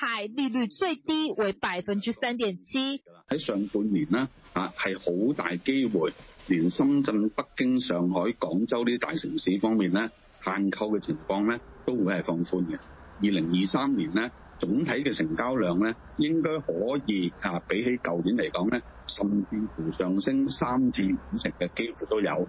係利率最低為百分之三點七。喺上半年呢，啊係好大機會，連深圳、北京、上海、廣州呢啲大城市方面呢，限購嘅情況呢都會係放寬嘅。二零二三年呢，總體嘅成交量呢應該可以啊，比起舊年嚟講呢，甚至乎上升三至五成嘅機會都有。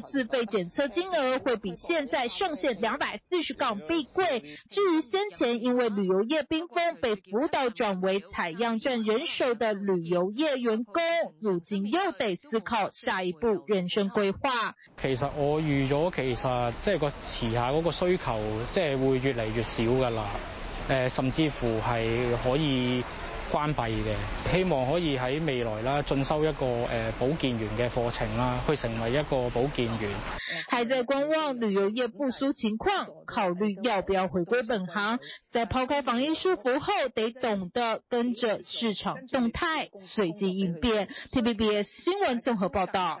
自費檢測金額會比現在上限兩百四十港幣貴。至於先前因為旅遊業冰封被輔導轉為採樣站人手的旅遊業員工，如今又得思考下一步人生規劃。其實我預咗，其實即係個遲下嗰個需求，即係會越嚟越少噶啦。誒、呃，甚至乎係可以。關閉嘅，希望可以喺未來啦進修一個誒保健員嘅課程啦，去成為一個保健員。還在觀望旅遊業復甦情況，考慮要不要回歸本行，在拋開防疫束縛後，得懂得跟着市場動態隨機應變。TVBS 新聞綜合報導。